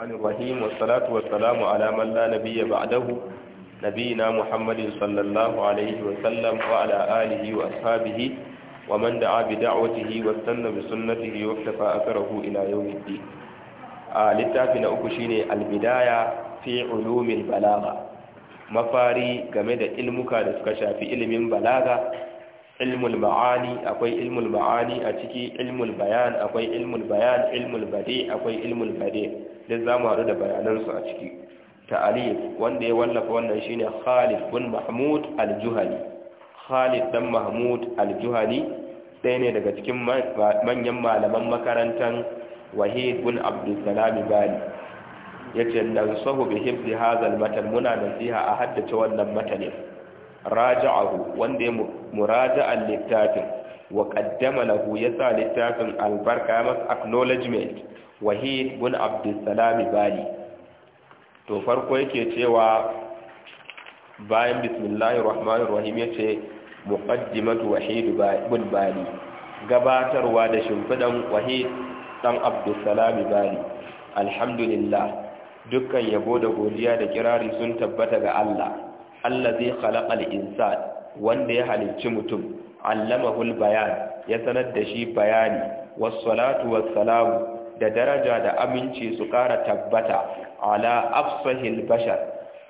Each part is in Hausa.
الرحمن الرحيم والصلاة والسلام على من لا نبي بعده نبينا محمد صلى الله عليه وسلم وعلى آله وأصحابه ومن دعا بدعوته واستنى بسنته واكتفى أثره إلى يوم الدين littafi na uku shine albidaya fi ulumin balaga mafari game da ilmuka da suka shafi ilimin balaga ilmul ma'ani akwai ilmul ma'ani a ciki ilmul bayan akwai ilmul bayan ilmul bade akwai ilmul bade duk za mu haɗu da bayanansu a ciki ta'alif wanda ya wallafa wannan shine Khalid bin Mahmud aljuhani Khalid dan Mahmud aljuhani ɗaya ne daga cikin manyan malaman makarantar Wahid bin Abdul Salam Bali yace na sahu bi hifzi hadha matan muna nasiha a haddace wannan matanin raja'ahu wanda ya muraja'an littafin wa qaddama lahu yasa littafin albarka mas acknowledgement wahid bin abdussalam bali to farko yake cewa bayan bismillahir rahmanir rahim yace muqaddimatu wahid bin bali gabatarwa da shimfidan wahid dan abdussalam bali alhamdulillah dukkan yabo da godiya da kirari sun tabbata ga Allah allazi khalaqal insan wanda ya halicci mutum allamahul bayan ya sanar da shi bayani wassalatu wasalamu da daraja da aminci su kara tabbata ala afsahil bashar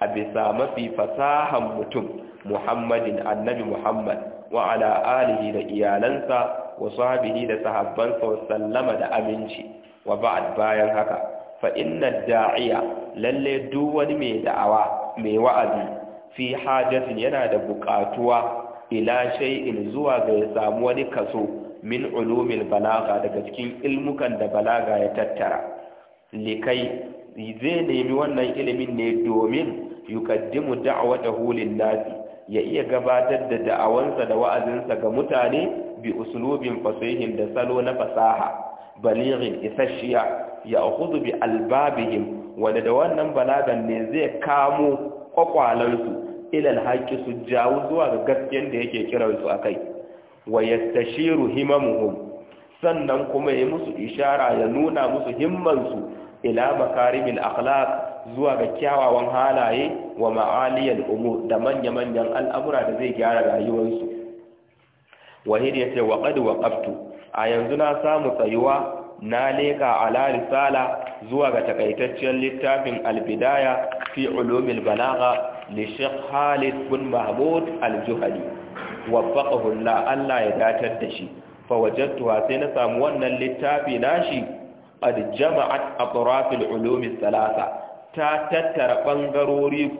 a bisa mafi fasahan mutum muhammadin annabi muhammad wa ala alihi da iyalansa wasu sahabihi da sahabbansa sallama da aminci wa ba'ad bayan haka fa inna da'iya lalle duk wani mai da'awa mai wa'azi fi hajatin yana da buƙatuwa ila shay'in zuwa ga ya samu wani kaso min ulumil balaga daga cikin ilmukan da balaga ya tattara likai zai nemi wannan ilimin ne domin yukaddimu da'watahu lillahi nasi ya iya gabatar da da'awansa da wa'azinsa ga mutane bi uslubin fasihin da salo na fasaha balighin isashiya ya akhudhu bi albabihim wanda da wannan balagan ne zai kamo kwakwalansu ilal haƙƙi su jawo zuwa ga gaskiyar da yake kiransu a kai wa yastashiru himamuhum sannan kuma ya musu ishara ya nuna musu su ila makarimil akhlaq zuwa ga kyawawan halaye wa ma'aliyal umur da manya-manyan al'amura da zai gyara rayuwarsu wahid ya ce wa qad waqaftu a yanzu na samu tsayuwa na leka ala risala zuwa ga takaitaccen littafin albidaya fi ulumil balagha لشيخ خالد بن محمود الجهلي وفقه الله الله يداتر دشي فوجدتها سنسا موانا للتابي ناشي قد جمعت أطراف العلوم الثلاثة تاتتر بنغروري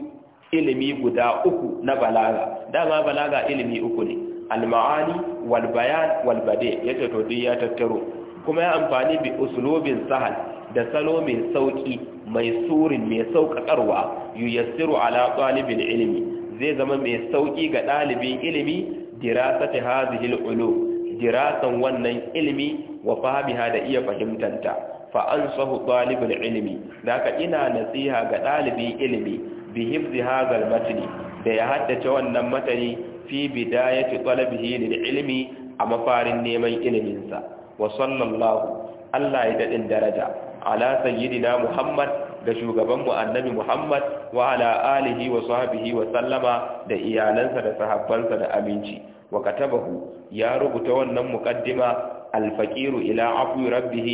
ilimi guda uku na balaga dama balaga ilimi uku ne alma'ani wal bayan wal bade yace to duk ya tattaro kuma ya amfani bi uslubin sahal da salo mai sauki mai surin mai sauƙaƙarwa yuyassiru ala ɗalibin ilimi zai zama mai sauƙi ga ɗalibin ilimi dirasati hazihil ulum dirasan wannan ilimi wa fahimta da iya fahimtanta fa ansahu ɗalibin ilimi zaka ina nasiha ga ɗalibin ilimi bi hifzi hazal matni da ya haddace wannan matani fi bidayati talabihi lil ilimi a mafarin neman iliminsa wa sallallahu Allah ya daɗin daraja ala sayyidina muhammad ga shugabanmu annabi muhammad wa ala alihi wa sahbihi wa sallama da iyalansa da sahabbansa da aminci wa katabahu ya rubuta wannan muqaddima al-faqiru ila afwi rabbih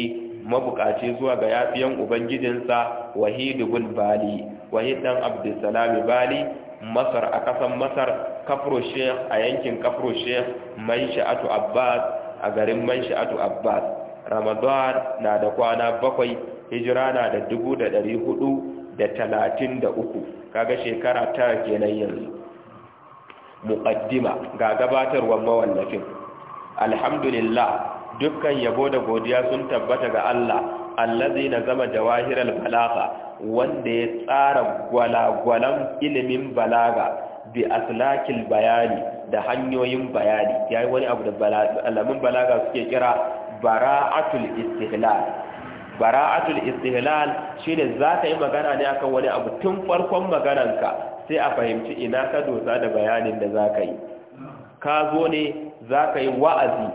mabukaci zuwa ga yafiyan ubangijinsa wahid bin bali wahid dan abdussalam bali masar a kasan masar kafro sheikh a yankin kafro sheikh mansha'atu abbas a garin mansha'atu abbas ramadan na da kwana bakwai hijira na da dubu da ɗari hudu da talatin da uku kaga shekara tara kenan yanzu muƙaddima ga gabatarwar mawallafin alhamdulillah dukkan yabo da godiya sun tabbata ga Allah allazi na zama jawahiral balaga wanda ya tsara gwalagwalan ilimin balaga bi aslakil bayani da hanyoyin bayani yayi wani abu da alamin balaga suke kira bara'atul istihlal bara'atul istihlal shine za ka yi magana ne akan wani abu tun farkon magananka sai a fahimci ina ka dosa da bayanin da za ka yi ka zo ne za ka yi wa'azi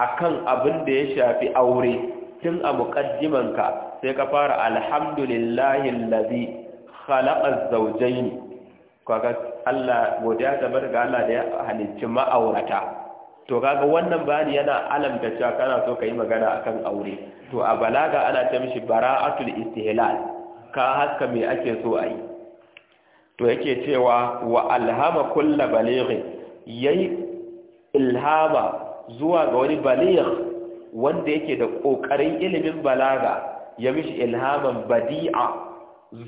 akan abin da ya shafi aure tun a ka sai ka fara alhamdulillahi allazi khalaqa zawjayn kaga Allah godiya ta barka Allah da ya halicci ma'aurata to kaga wannan bayani yana alam da cewa kana so ka yi magana akan aure to a balaga ana ce mishi bara'atul istihlal ka haska me ake so a yi to yake cewa wa alhama kulla balighi yayi ilhama zuwa ga wani baligh wanda yake da kokarin ilimin balaga ya mishi ilhaman badi'a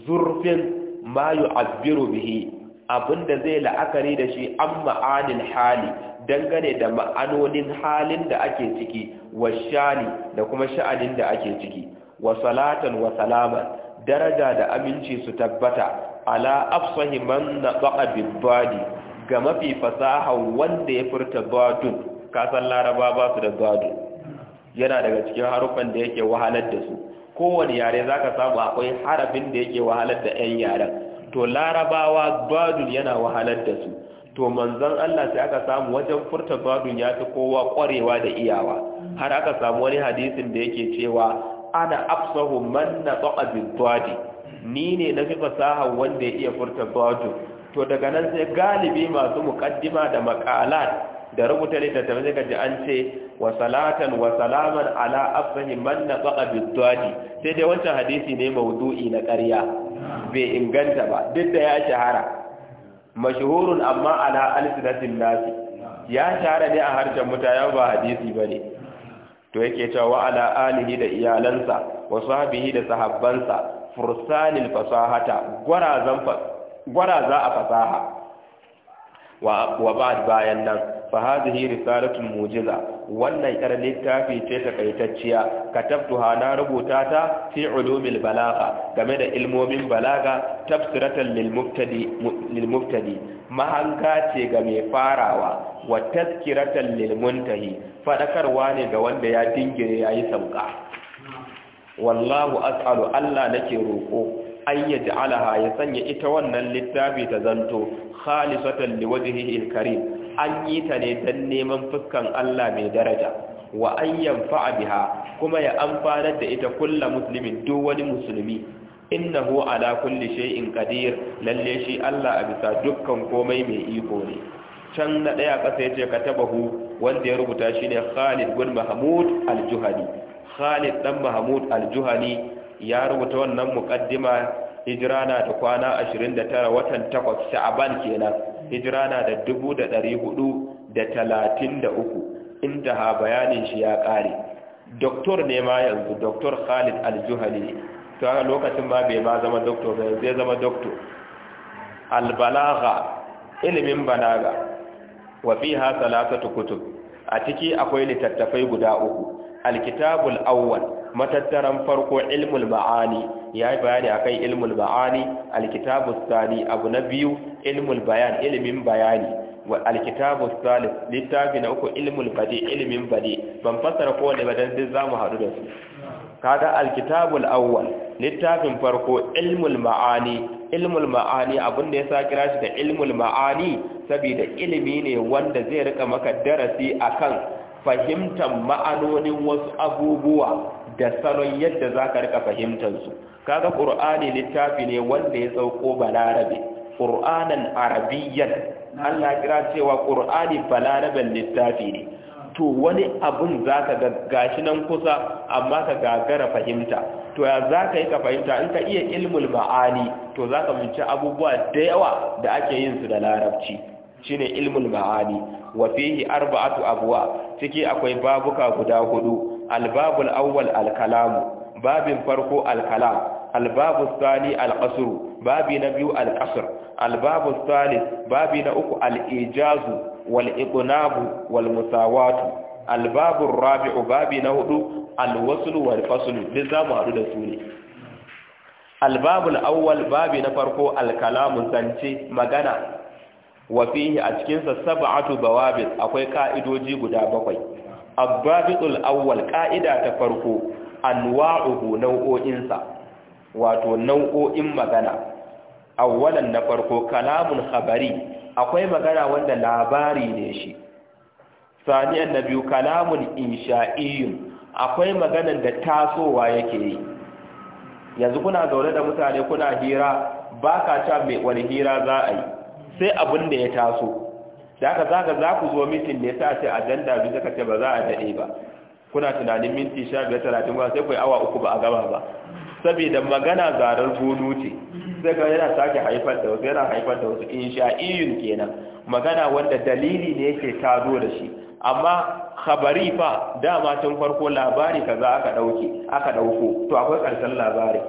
zurfin ma yu'abbiru bihi abin da zai la'akari da shi an ma'anin hali dangane da ma'anonin halin da ake ciki wa shani da kuma sha'anin da ake ciki wa salatan wa salaman daraja da aminci su tabbata ala afsahi man nabaqa bibadi ga mafi fasaha wanda ya furta badun kasan laraba ba su da badun yana daga cikin harufan da yake wahalar da su kowane yare za ka samu akwai harafin da yake wahalar da 'yan yaren to larabawa badun yana wahalar da su to manzon Allah sai aka samu wajen furta badun ya fi kowa kwarewa da iyawa har aka samu wani hadisin da yake cewa ana afsahu man na bid-dadi ni ne na fi fasaha wanda ya iya furta badun to daga nan sai galibi masu muqaddima da makalat da rubuta littattafai zai gaji an ce wa salatan wa salaman ala afsahi man na baka sai dai wancan hadisi ne maudu'i na ƙarya bai inganta ba duk da ya shahara mashhurun amma ala alsinatin nasi ya shahara ne a harshen mutane ba hadisi ba ne to yake cewa wa ala alihi da iyalansa wa sahbihi da sahabbansa fursanin fasahata gwara za a fasaha wa ba bayan nan fa hadhihi risalatun mujiza wannan yar littafi ce takaitacciya katabtuha na rubuta ta fi ulumil balagha game da ilmomin balaga tafsiratan lil mubtadi lil mubtadi mahanga ce ga mai farawa wa tazkiratan lil muntahi fadakarwa ne ga wanda ya dingire yayi sauka wallahu as'alu Allah nake roko an yaj'alaha ya sanya ita wannan littafi ta zanto khalisatan liwajhihi alkarim an yi ta ne don neman fuskan Allah mai daraja wa an yanfa'a biha kuma ya amfanar da ita kulla musulmin, duk wani musulmi hu ala kulli shay'in qadir lalle shi Allah a bisa dukkan komai mai iko ne can na daya kasa yace hu? wanda ya rubuta shine Khalid bin Mahmud al-Juhani Khalid dan Mahmud al-Juhani ya rubuta wannan muqaddima hijira na da kwana 29 watan 8 sha'aban kenan hijira na da 433 inda ha bayanin shi ya kare doktor ne ma yanzu doktor Khalid Al-Juhani to a lokacin ba bai ma zama doktor ba zai zama doktor al-balagha ilimin balaga wa fiha salasatu kutub a ciki akwai littattafai guda uku al-kitabul awwal matattaran farko ilmul ma'ani ya yi bayani akan ilmul ma'ani alkitabu sani abu na biyu ilmul bayan ilimin bayani wa alkitabu salis littafi na uku ilmul badi ilmin badi ban fasara kowane ba dan duk zamu haɗu da su Kada alkitabul Auwal, littafin farko ilmul ma'ani ilmul ma'ani abin da sa kira shi da ilmul ma'ani saboda ilimi ne wanda zai rika maka darasi akan fahimtar ma'anonin wasu abubuwa da salon yadda za ka rika fahimtarsu kaga ƙur'ani littafi ne wanda ya sauko balarabe ƙur'anan arabiyyan allah kira cewa ƙur'ani balaraben littafi ne to wani abun za ka gashi nan kusa amma ka gagara fahimta to ya za ka yi ka fahimta in ka iya ilmul ma'ani to za ka mince abubuwa da yawa da ake yin su da larabci shine ilmul ma'ani wa fihi arba'atu abwa ciki akwai babuka guda hudu الباب الأول الكلام باب فرقو الكلام الباب الثاني القصر باب نبيو القصر الباب الثالث باب نأكو الإيجاز والإقناب والمساواة الباب الرابع باب نهدو الوصل والفصل لذا معدود سوني الباب الأول باب نفرقو الكلام سنتي مغانا وفيه أتكنس سبعة بوابط أخوي كائدو جيبو دابقوي abbabitul awwal ka'ida ta farko anwa'uhu nau'o'insa wato nau'o'in magana awwalan na farko kalamun khabari akwai magana wanda labari ne shi Sani na biyu kalamun insha'iyyun akwai maganan da tasowa yake yi yanzu kuna zaune da mutane kuna hira ba ka ca mai wani hira za a yi sai abin da ya taso da aka zaga za ku zo mitin ne ta ce ajanda bi zaka ce ba za a dade ba kuna tunanin minti 15 biyar talatin ba sai kai awa uku ba a gaba ba saboda magana zarar gudu ce sai ga yana sake haifar da wasu yana haifar da wasu insha'iyun kenan magana wanda dalili ne yake tazo da shi amma khabari fa dama tun farko labari kaza aka dauke aka dauko to akwai karshen labari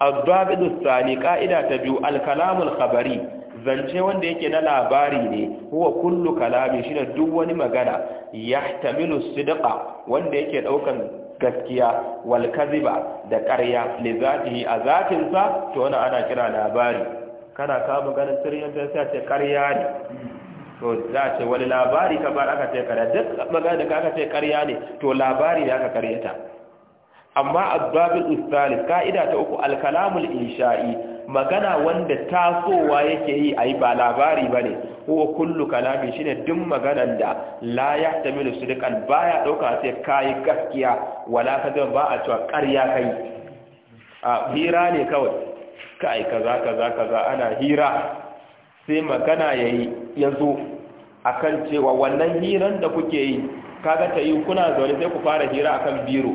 الضابط الثاني biyu تبيو الكلام الخبري zance wanda yake na labari ne huwa kullu kalami da duk wani magana yahtamilu sidqa wanda yake daukan gaskiya wal kadhiba da ƙarya li zatihi a zatin sa to wannan ana kira labari kana ka magana sirrin da sai ce ƙarya ne to za ce wani labari ka bar aka ce ƙarya duk magana da aka ce ƙarya ne to labari ne aka karyata amma abbabul ustalis ka'ida ta uku al kalamul insha'i magana wanda tasowa yake yi a yi ba labari ba ne huwa kullu kalami shine duk maganan da la ya tamilu sadiqan baya dauka sai kai gaskiya wala kaza ba a cewa ƙarya kai a hira ne kawai kai kaza kaza kaza ana hira sai magana yayi a akan cewa wannan hiran da kuke yi kaga ta yi kuna zaune sai ku fara hira akan biro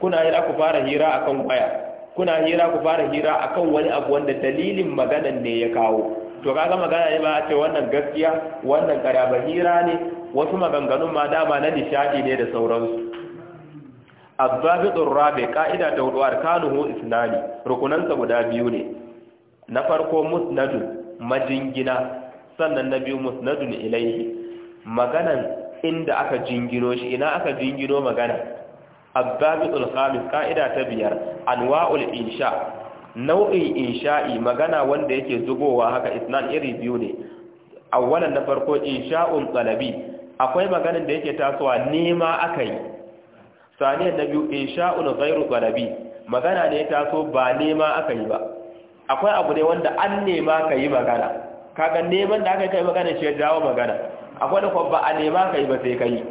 kuna hira ku fara hira akan waya kuna hira ku fara hira akan wani abu wanda dalilin maganan ne ya kawo to kaga magana ne ba a ce wannan gaskiya wannan karaba hira ne wasu maganganun ma dama na nishadi ne da sauransu abbabidur rabi ka'ida ta hudu arkanuhu islami rukunansa guda biyu ne na farko musnadun majingina sannan na biyu musnadun ilaihi maganan inda aka jingino shi ina aka jingino magana abdabitul الخامس قاعده ta biyar الانشاء insha nau'in insha'i magana wanda yake zubowa haka isnan iri biyu ne awwalan na farko insha'un talabi akwai maganin da yake tasowa nema akai saniyan na biyu insha'un ghairu talabi magana ne taso ba nema akai ba akwai abu ne wanda an nema kai magana kaga neman da aka kai magana shi ya dawo magana akwai da kuma ba a nema kai ba sai kai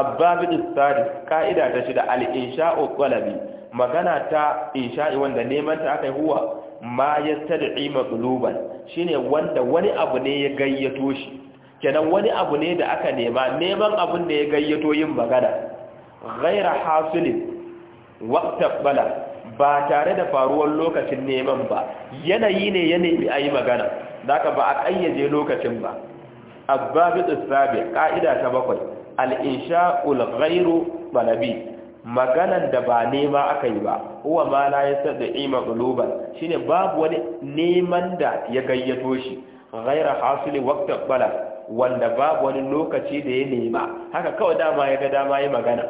Ababin tsari ka'ida ta shida al'insha'o ƙwalabi magana ta insha'i wanda neman ta aka yi huwa ma ya maqluban shine wanda wani abu ne ya gayyato shi kenan wani abu ne da aka nema neman abun da ya gayyato yin magana ghaira hasilin waqta bala ba tare da faruwar lokacin neman ba yanayi ne ya nemi ayi magana zaka ba a kayyade lokacin ba ababin tsabi ka'ida ta bakwai al-insha'ul ghairu balabi maganan da ba nema aka yi ba huwa ma da yastad'i maqluban shine babu wani neman da ya gayyato shi ghaira hasili waqta bala wanda babu wani lokaci da ya nema haka kawai dama ya ga dama yi magana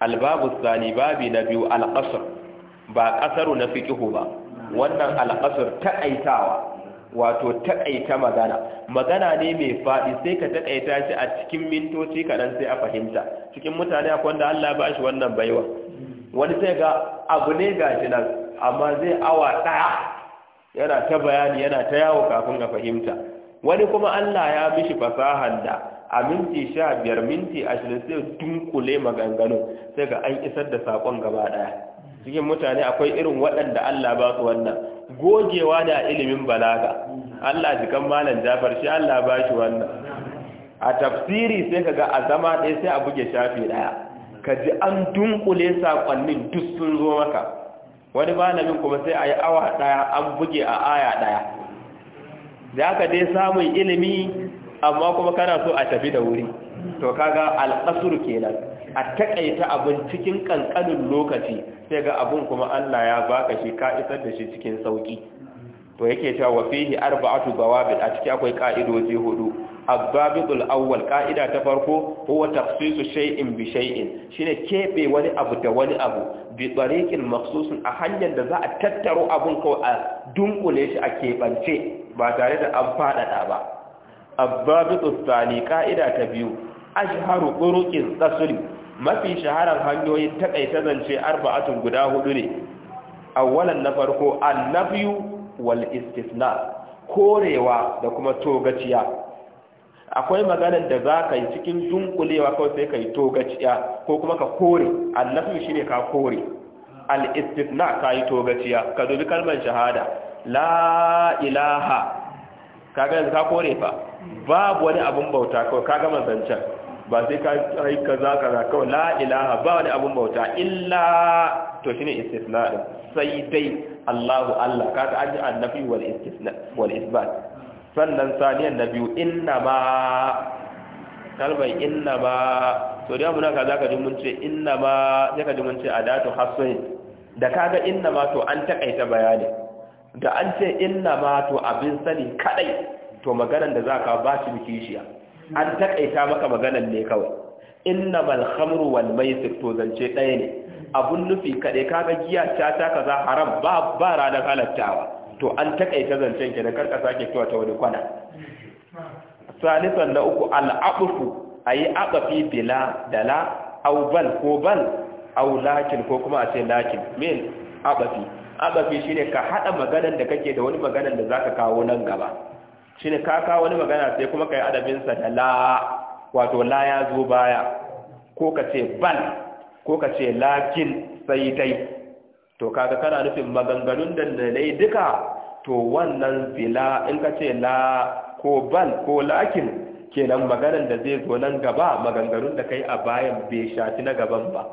albabu tsani babi na biyu alƙasar ba ƙasaru na fiƙihu ba wannan ta aitawa. wato takaita magana magana ne mai faɗi sai ka takaita shi a cikin mintoci kaɗan sai a fahimta cikin mutane akwai wanda Allah ba shi wannan baiwa wani sai ga abu ne ga shi nan amma zai awa ɗaya yana ta bayani yana ta yawo kafin a fahimta wani kuma Allah ya mishi fasahar da a minti sha biyar minti ashirin sai dunkule maganganu sai ga an isar da saƙon gaba ɗaya cikin mutane akwai irin waɗanda Allah ba su wannan gogewa da ilimin balaga Allah jikan malam Jafar shi Allah ba shi wannan a tafsiri sai kaga a zama ɗaya sai a buge shafi ɗaya ka ji an dunkule saƙonnin duk sun zo maka wani malamin kuma sai a yi awa ɗaya an buge a aya ɗaya da ka dai samun ilimi amma kuma kana so a tafi da wuri to kaga al'asuru kenan a takaita abin cikin kankanin lokaci sai ga abin kuma Allah ya baka shi ka isar da shi cikin sauki to yake cewa wa fihi arba'atu dawabit a ciki akwai ka'idoji hudu abbabitul awwal ƙa'ida ta farko huwa tafsisu shay'in bi shay'in shine keɓe wani abu da wani abu bi tariqin makhsusin a hanyar da za a tattaro abun ko a dunkule shi a kebance ba tare da an fadada ba abbabitul thani ka'ida ta biyu ajharu turuqin tasri mafi shaharar hanyoyin takaita zance arba'atun guda hudu ne awwalan na farko annabiyu wal istisna korewa da kuma togaciya akwai maganar da za ka yi cikin dunkulewa kawai sai ka yi togaciya ko kuma ka kore shi shine ka kore al ka yi togaciya ka dubi kalmar shahada la ilaha kaga ka kore fa babu wani abun bauta kawai ka gama zancen ba sai ka yi ka za ka za kawai la ilaha ba wani abin bauta illa to shi ne istisna ɗin sai dai Allahu Allah ka an ji annabi wal istisna wani isbat sannan saniyan biyu, inna ma kalmar inna ma to da muna za ka ji mun ce inna ma sai ka ji mun ce adatu hasin da ga inna ma to an taƙaita bayani da an ce inna ma to abin sani kaɗai, to maganar da za ka ba shi biki shiya an takaita maka maganan ne kawai innamal khamru wal maisir to zance ɗaya ne abun nufi kaɗai kaga giya ta ta za haram ba ba ranar halattawa to an takaita zance ki da karka sake ta wani kwana salisan na uku al'abufu ayi abafi bila dala aw bal ko bal aw lakin ko kuma a ce lakin min abafi abafi shine ka haɗa maganan da kake da wani maganan da zaka kawo nan gaba shi ka kaka wani magana sai kuma ka adabin sa da la wato la ya zo baya ko ka ce bal ko ka ce lakin sai dai to kaga kana nufin maganganun da dalilai duka to wannan bila in ka ce la ko bal ko lakin kenan maganan da zai zo nan gaba maganganun da kai a bayan bai shafi na gaban ba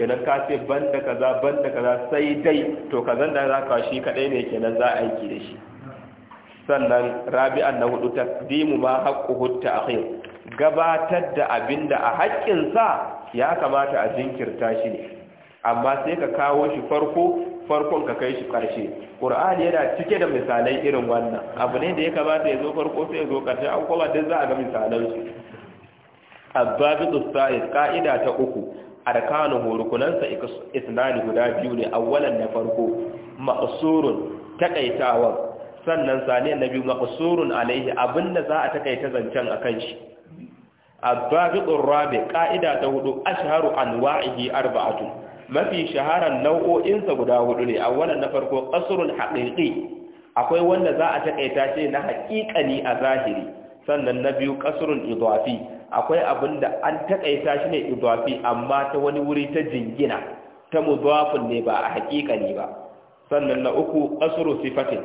kenan ka ce ban kaza ban kaza sai dai to kazan da za ka shi kadai ne kenan za a aiki da shi sannan rabi'an na hudu taqdimu ma haqquhu ta'khir gabatar da abinda a sa ya kamata a jinkirta shi ne amma sai ka kawo shi farko farkon ka kai shi ƙarshe ƙur'ani yana cike da misalai irin wannan abu ne da ya kamata ya zo farko sai ya zo ƙarshe an kuma duk za a ga misalan su abbabitu sa'id ka'ida ta uku arkanu hurukunansa isnani guda biyu ne awwalan na farko ma'surun takaitawa sannan sani na biyu maqsurun alaihi abinda za a takaita zancen akan shi abbaqitur rabi qa'ida ta hudu ashharu anwa'ihi arba'atu mafi shaharan nau'o'insa guda hudu ne awwalan na farko qasrul haqiqi akwai wanda za a takaita shi na haqiqani a zahiri sannan na biyu qasrul idafi akwai abinda an takaita shi ne idafi amma ta wani wuri ta jingina ta muzafin ne ba a haqiqani ba sannan na uku qasru sifatin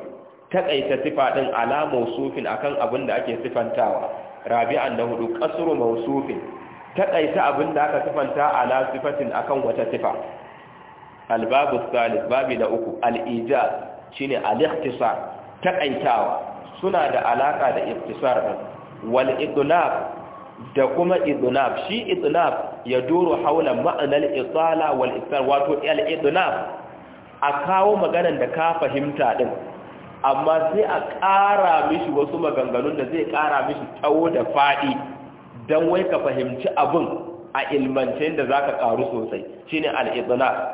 takaita sifa ɗin ala mausufin akan abin da ake sifantawa rabi'an da hudu kasru mausufin takaita abin da aka sifanta ala sifatin akan wata sifa albabu salis babi da uku al shine al-ikhtisar takaitawa suna da alaka da ikhtisar wal da kuma idlab shi idlab ya doro haula ma'anar itsala, wal isar wato al idlab a kawo maganar da ka fahimta din amma sai a ƙara mishi wasu maganganun da zai ƙara mishi tsawo da faɗi don wai ka fahimci abin a ilmance da za ka ƙaru sosai shi ne al’izina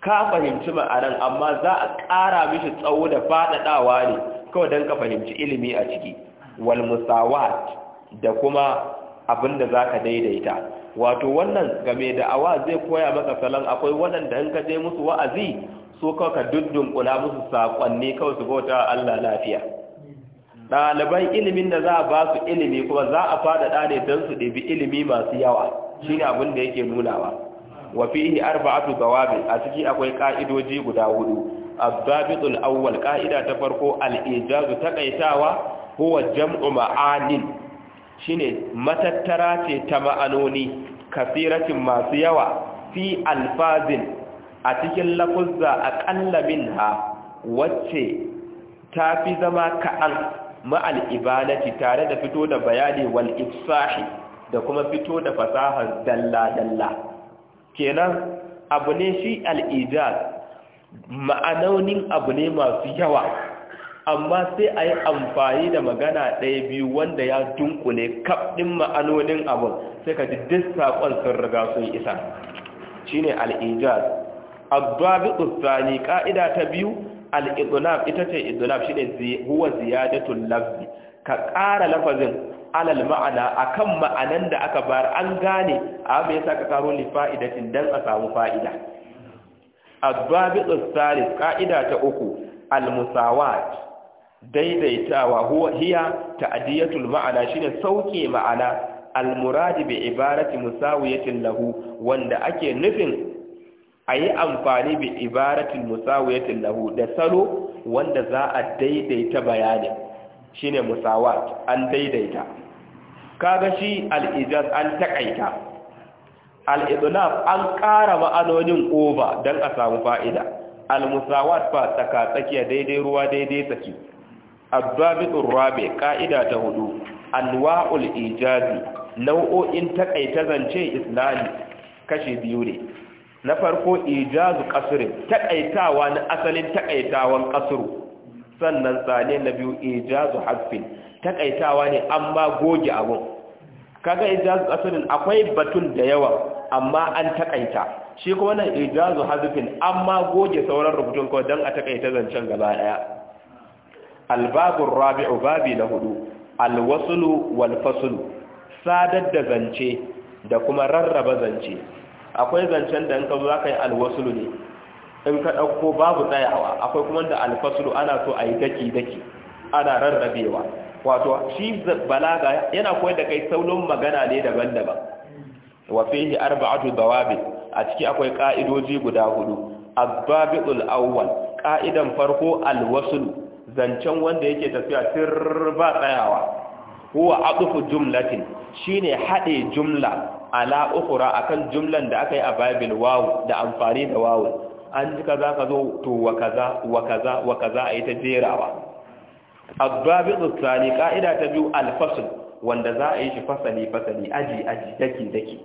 ka fahimci ma'anan amma za a ƙara mishi tsawo da faɗaɗawa ne kawai don ka fahimci ilimi a ciki wal musawat da kuma abin da za ka daidaita wato wannan game da awa zai koya maka salon akwai waɗanda in ka je musu wa'azi su kawai ka kula musu saƙonni kawai su bauta Allah lafiya ɗaliban ilimin da za a ba su ilimi kuma za a faɗaɗa ne don su ɗabi ilimi masu yawa shi ne abin da yake nunawa wa fihi arba'atu gawabin a ciki akwai ƙa'idoji guda hudu abdabitul awwal ƙa'ida ta farko ta ƙaitawa ko wa jam'u ma'anin Shi ne matattara ce ta ma'anoni kasiratin masu yawa fi alfazin a cikin lafuzza min ha, wacce ta fi zama ka'an ma'al ibanati tare da fito da bayani wal ifsahi da kuma fito da fasahar dalla-dalla kenan abu ne shi al'ijaz ma'anonin abu ne masu yawa amma sai a yi amfani da magana ɗaya biyu wanda ya dunkule kaɗin ma'anonin abu sai ka ji duk saƙon sun riga sun isa shi ne al'ijaz addabitu tsani ka'ida ta biyu al-idlab ita ce idlab shine huwa ziyadatul lafzi ka ƙara lafazin alal ma'ana akan ma'anan da aka bar an gane abin yasa ka karo li fa'idatin dan a samu fa'ida addabitu tsani ka'ida ta uku al-musawat daidaitawa huwa hiya ta'diyatul ma'ana shine sauke ma'ana al-muradi bi ibarati musawiyatin lahu wanda ake nufin a yi amfani bi ibaratin musawiyatin lahu da salo wanda za a daidaita bayanin shine musawat an daidaita kaga shi al an takaita al an ƙara ma'anonin over don a samu fa'ida al-musawat fa tsaka tsakiya daidai ruwa daidai tsaki abdabitur rabi ƙa'ida ta hudu anwa'ul ijazi nau'o'in taƙaita zance islami kashi biyu ne na farko ijazu qasrin taƙaitawa na asalin taƙaitawan qasru sannan sane na biyu ijazu haqqin takaitawa ne amma goge abun kaga ijazu qasrin akwai batun da yawa amma an takaita shi kuma nan ijazu hazfin amma goge sauran rubutun ko dan a takaita zancen gaba daya rabi'u babi na hudu alwaslu walfasulu sadar da zance da kuma rarraba zance akwai zancen da in ka za ka yi alwasulu ne in ka ɗauko babu tsayawa akwai kuma da alfasulu ana so a yi daki-daki ana rarrabewa wato shi balaga yana koyar da kai saunin magana ne daban-daban wa fihi arba'atu dawabi a ciki akwai ka'idoji guda hudu abbabiul awwal ka'idan farko alwasul zancen wanda yake tafiya tir ba tsayawa huwa aqfu jumlatin shine hade jumla ala ukura akan jumlan da aka yi a babil wawu da amfani da wawu an ji kaza ka zo to wa kaza wa kaza wa kaza a yi ta jerawa abbabitu tsani ka'ida ta biyu alfasl wanda za a yi shi fasali fasali aji aji daki daki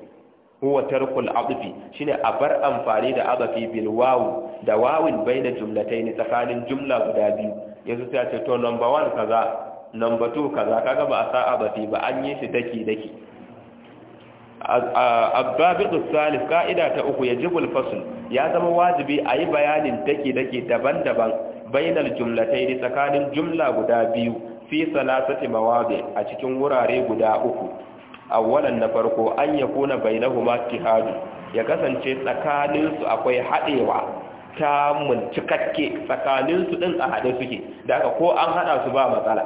huwa tarkul abdi shine a bar amfani da abafi bil wawu da wawin baina ne tsakanin jumla guda biyu yanzu sai a ce to number 1 kaza number 2 kaza kaga ba a sa abafi ba an yi shi daki daki abbabiqus salif ka'ida ta uku yajibul fasl ya zama wajibi a yi bayanin dake-dake daban-daban bainar jumlatai tsakanin jumla guda biyu fi salasati mawadi a cikin wurare guda uku awwalan na farko an yakuna bainahu tihadu ya kasance tsakanin su akwai hadewa tamun cikakke tsakanin su din a haɗe suke da ko an hada su ba matsala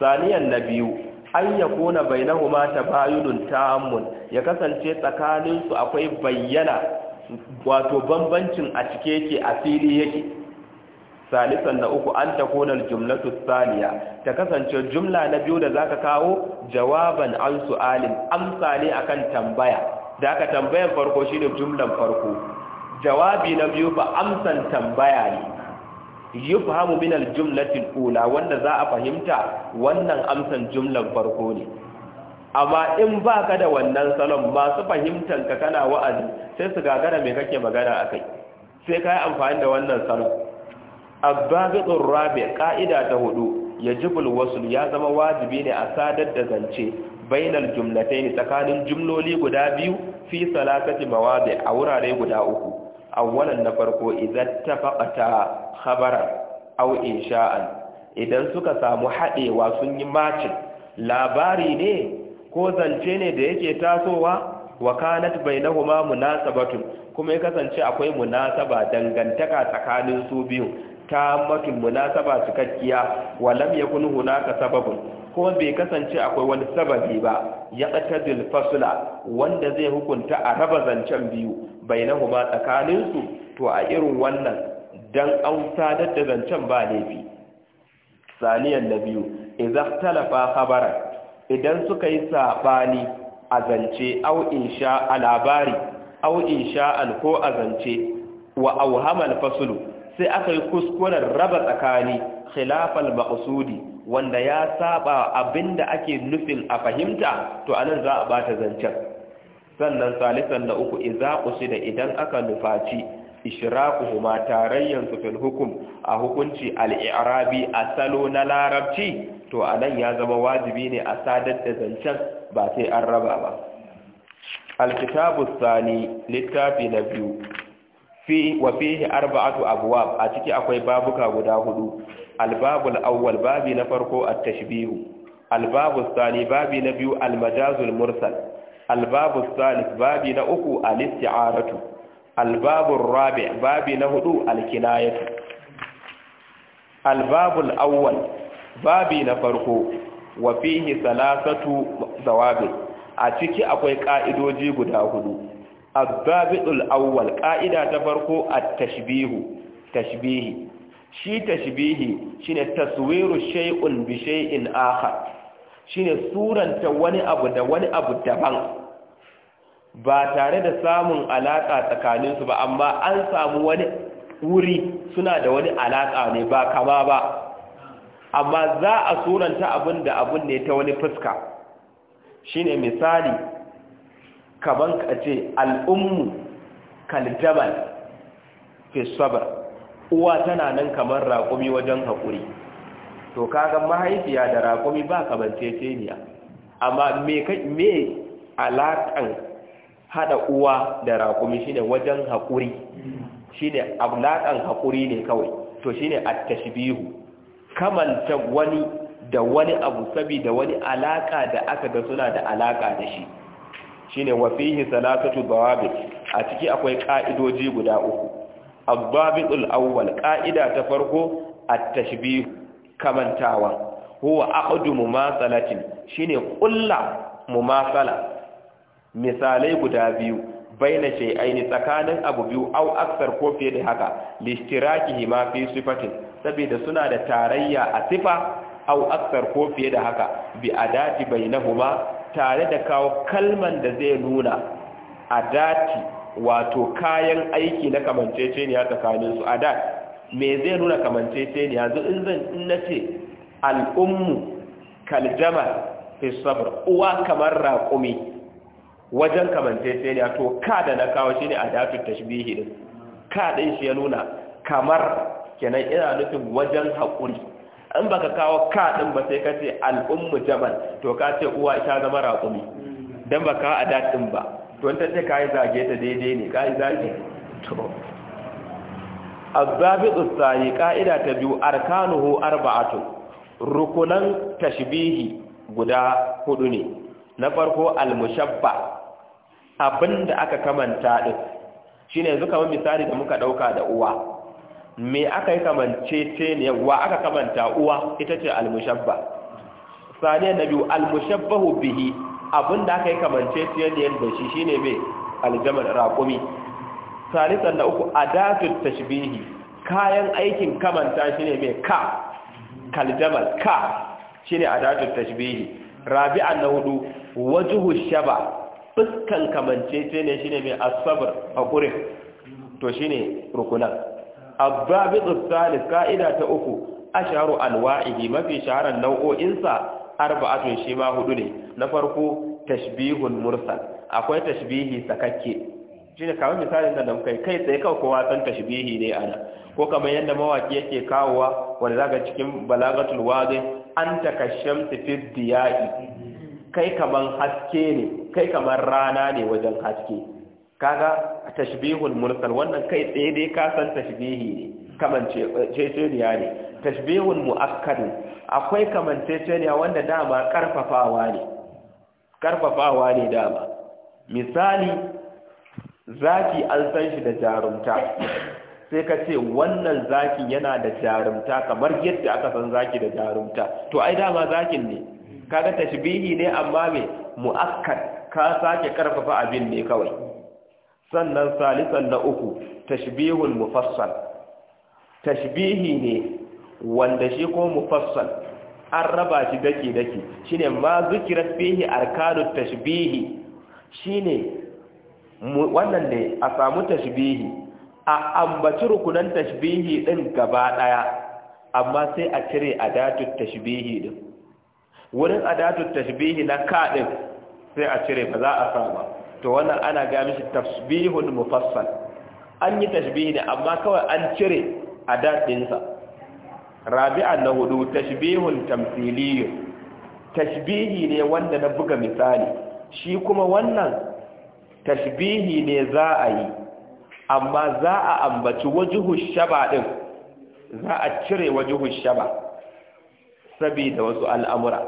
saniyan na biyu an ya kona bainahuma tabayunun ta'ammun ya kasance tsakanin su akwai bayyana wato bambancin a cike yake a fili yake salisan na uku an ta takuna jumlatu thaniya ta kasance jumla na biyu da zaka kawo jawaban an su'alin amsa ne akan tambaya da aka tambayan farko shine jumlan farko jawabi na biyu ba amsan tambaya ne yufhamu min jumlatin ula wanda za a fahimta wannan amsan jumlan farko ne amma in ba ka da wannan salon masu fahimtar ka kana wa'azi sai su gagara me kake magana akai sai kai amfani da wannan salon abbaqitur rabi qa'ida ta hudu yajibul wasl ya zama wajibi ne a sadar da zance bainal jumlatayn tsakanin jumloli guda biyu fi salakati mawadi a wurare guda uku awwalan na farko idan ta tafaqata khabara aw insha'an idan suka samu haɗewa sun yi macin labari ne ko zance ne da yake tasowa wa kanat bainahuma munasabatu kuma ya kasance akwai munasaba dangantaka tsakanin su biyu ta matun munasaba cikakkiya walam yakun hunaka sababun kuma bai kasance akwai wani sababi ba ya qatadil fasula, wanda zai hukunta a raba zancen biyu ba tsakaninsu to a irin wannan dan an sadar da zancen ba laifi saniyan na biyu idan talafa khabaran idan suka yi sabani a zance au insha a labari au insha ko a zance wa auhamal fasulu sai aka yi kuskuren raba tsakani khilafal maqsudi wanda ya saba abinda ake nufin a fahimta to anan za a bata zancen sannan salisan na uku idza da idan aka nufaci ishraquhuma tarayyan su fil hukum a hukunci al a salo na larabci to a nan ya zama wajibi ne a sadar da zancen ba sai an raba ba al-kitabu littafi na biyu fi wa fihi arba'atu abwab a ciki akwai babuka guda hudu al-babul awwal babi na farko at-tashbih al-babu babi na biyu al-majazul mursal albabu salis babi na uku al-isti'aratu albabu rabi babi na hudu Alkinayatu. albabu awwal babi na farko wa fihi salasatu zawabi a ciki akwai ka'idoji guda hudu Albabul awwal ka'ida ta farko at-tashbihu tashbihi shi tashbihi shine taswiru shay'un bi shay'in akhar shine suranta wani abu da wani abu daban ba tare da samun alaƙa tsakaninsu ba amma an samu wani wuri suna da wani alaƙa ne ba kama ba amma za a sunanta abin da abin ne ta wani fuska shine misali kaban ka ce al'ummu kaljamal fi uwa tana nan kamar raƙumi wajen haƙuri to kaga mahaifiya da raƙumi ba kamar kamanceceniya amma me alaƙan Haɗa uwa da rakumi shine wajen haƙuri shine ablaƙan haƙuri ne kawai to shine at-tashbihu kamanta wani da wani abu sabida wani alaƙa da aka ga suna da alaƙa da shi shine wa fihi salatatu a ciki akwai ka'idoji guda uku ad Auwal awwal ka'ida ta farko at-tashbih kamantawa huwa aqdumu ne shine mu mumasala misalai guda biyu baina aini tsakanin abu biyu au aksar ko fiye da haka listiraki ma fi sifatin saboda suna da tarayya a sifa au aksar ko fiye da haka bi adati bainahuma tare da kawo kalman da zai nuna adati wato kayan aiki na kamanceceniya tsakanin su adat me zai nuna kamanceceniya yanzu in zan in nace al'ummu kaljamal fi sabr uwa kamar raqumi wajen kamanceceniya to ka da na kawo shi ne a datu tashbihi din ka ɗin shi ya nuna kamar kenan ina nufin wajen haƙuri in baka kawo ka ɗin ba sai ka ce al'ummu jamal to ka ce uwa ita zama raƙumi don ba kawo a datin ba to ta ce ka zage ta daidai ne ka yi zage to azabi tsari ka'ida ta biyu arkanuhu arba'atu rukunan tashbihi guda hudu ne na farko almushabba abin da aka kamanta ɗin shi ne yanzu kamar misali da muka ɗauka da uwa me aka yi kamance ce ne wa aka kamanta uwa ita ce almushabba Sani na biyu almushabbahu bihi abin da aka yi kamance ce ne da shi shi ne mai aljamar raƙumi salisan na uku adatun tashbihi kayan aikin kamanta shi ne mai ka kaljamal ka shi ne adatun tashbihi rabi'an na hudu wajuhu shaba fuskan kamancece ne shine mai asabar a ƙure to shine rukunan bi tsalis ka'ida ta uku asharu anwa'ihi mafi shaharar nau'o'insa arba'atun shi ma hudu ne na farko tashbihun mursal akwai tashbihi sakakke shine kamar misalin da muka yi kai tsaye kawai kowa san tashbihi ne ana ko kamar yadda mawaki yake kawowa wanda zaka cikin balagatul wazi an takasham fi diya'i kai kaman haske ne kai kaman rana ne wajen haske kaga tashbihul mursal wannan kai tsaye dai ka san tashbihi ne kamanceceniya ne tashbihul mu'akkad akwai kamanceceniya wanda dama karfafawa ne karfafawa ne dama misali zaki an san shi da jarumta sai ka ce wannan zakin yana da jarumta kamar yadda aka san zaki da jarumta to ai dama zakin ne kaga tashbihi ne amma me muakkad ka sake karfafa abin ne kawai sannan salisan na uku tashbihul mufassal tashbihi ne wanda shi ko mufassal an raba shi dake dake shine ma zikirat fihi arkanut tashbihi shine wannan ne a samu tashbihi a ambaci rukunan tashbihi din gaba daya amma sai a cire adatut tashbihi din wurin adatun tashbihi na kaɗin sai a cire ba za a sa ba to wannan ana ga mishi tasbihun mufassal an yi tashbihi ne amma kawai an cire adat ɗinsa rabi'an na hudu tashbihun tamsiliyun tashbihi ne wanda na buga misali shi kuma wannan tashbihi ne za a yi amma za a ambaci wajuhu shaba din za a cire wajuhu shaba saboda wasu al'amura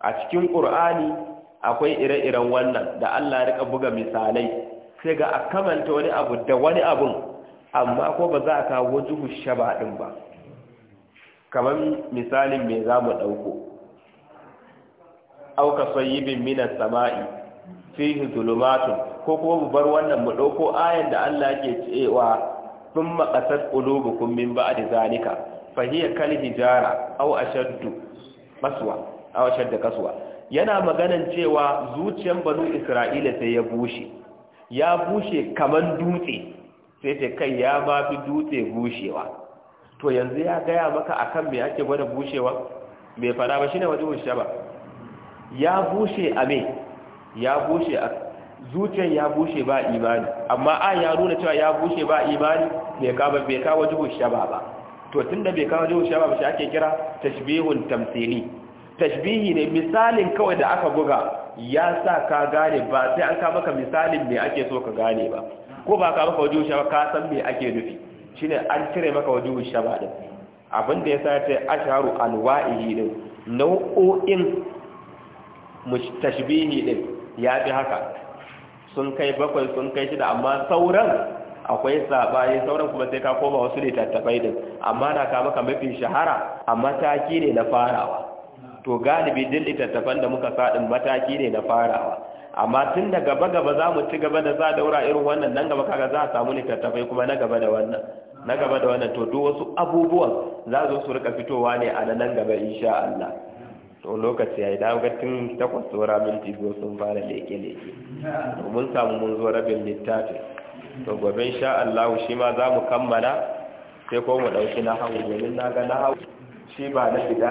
a cikin ƙur'ani akwai ire-iren wannan da Allah rika buga misalai sai ga a kamanta wani abu da wani abun amma ko ba za a kawo juhu shabaɗin ba kamar misalin mai za mu ɗauko auka soyibin minar sama'i fihi zulumatun ko kuma mu bar wannan mu ɗauko ayan da Allah ke cewa sun maƙasar ƙulubukun min ba a zanika. fahiya kal hijara aw ashaddu baswa aw ashadda kaswa yana maganan cewa zuciyar banu isra'ila sai ya bushe ya bushe kaman dutse sai ta kai ya ba fi dutse bushewa to yanzu ya gaya maka akan me ake gwada bushewa bai fara ba shine wajen bushe ba ya bushe a me ya bushe a zuciyar ya bushe ba imani amma a ya nuna cewa ya bushe ba imani bai kawo wajen bushe ba ba to tun da bai kawo jihun shafa ba shi ake kira tashbihun tamsili tashbihi ne misalin kawai da aka buga ya sa ka gane ba sai an kama ka misalin me ake so ka gane ba ko ba ka maka wajen shaba ka san me ake nufi shine an cire maka wajen shaba ɗin abin da sa ta asharu alwa'ihi din nau'o'in tashbihi din ya fi haka sun kai bakwai sun kai shida amma sauran akwai sabayi sauran kuma sai ka koma wasu littattafai din amma na ka mafi shahara a mataki ne na farawa to galibi din littattafan da muka sadin mataki ne na farawa amma tun da gaba gaba za mu ci gaba da za daura irin wannan nan gaba kaga za a samu littattafai kuma na gaba da wannan na gaba da wannan to duk wasu abubuwan za zo su rika fitowa ne a nan gaba insha Allah to lokaci yayi da ga tun takwas saura minti go sun fara leke leke mun samu mun zo rabin littafin to gobe insha Allah shi ma za mu kammala sai ko mu dauki na hawo domin na ga na hawo shi ba na shiga